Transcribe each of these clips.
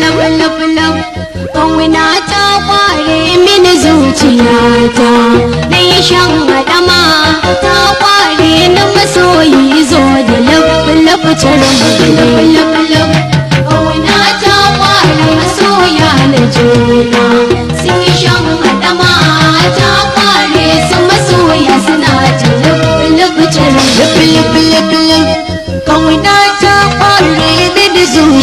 Lab-lab-lab, ƙauna ta ƙware mini zuciyata, na yi shan haɗama ta ƙware na masoyi zo da lab-lab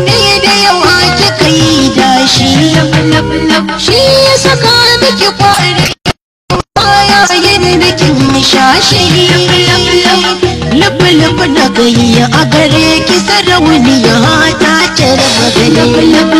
ni da yawa kika yi da shi shi ya saka miki kwari baya yin bikin shashi labu-labu da gayya a gare ki sarauniya ta tare magana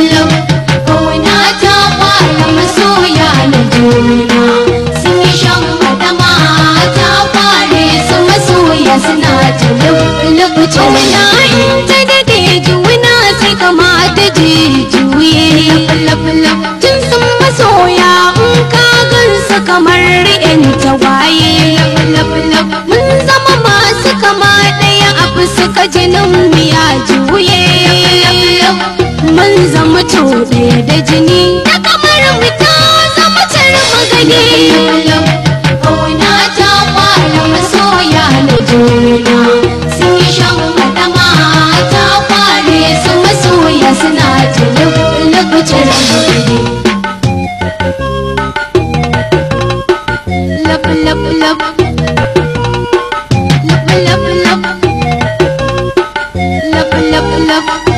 kamar yan tawaye mun zama masu kama ɗaya abu suka jinin miya juye mun zama cuɗaya da jini da kamar mu ta zama cire magani Thank you. love, love, love. Love, love, love.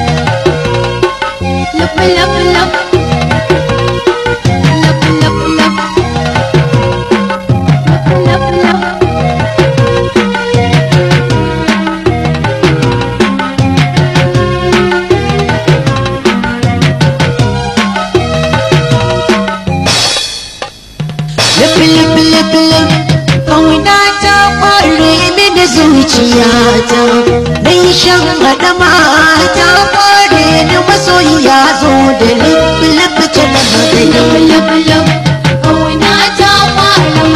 Love, love, love. kullum kauna ta kware mini zuciyata mai shan adama ta kware ni masoyiya zo da lab-lab ta na maganin lab-lab kauna ta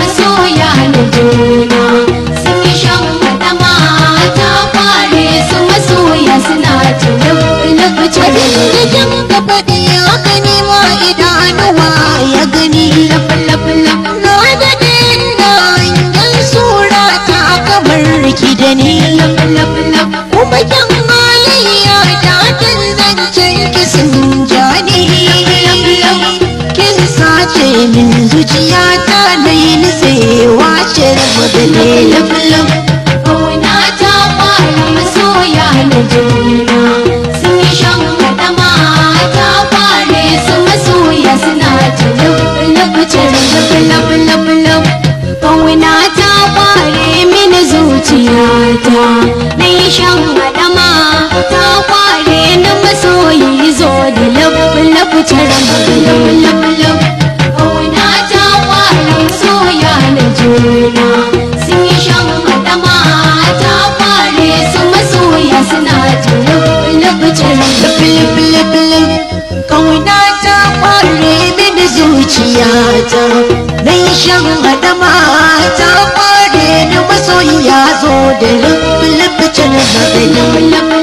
masoya na juna sun shan adama ta kware su masoya suna ta lab-lab ta na maganin lab-lab ya gani ma idanuwa ya gani lab min zuciya ta dai nitse wace da ne laflaf kauna ta fara masoya da juna sun yi shan madama ta su masoya suna ta laflafa ce laflaf kauna ta fare mini zuciya ta na yi shan madama ta fare na masoyi zo da laflaf ce juna sun ta kware su masoya suna tulubcin lubulubulubulub kauna ta kware mini zuciya ta na ta kware na masoya zo da lubulubcin lubulubulub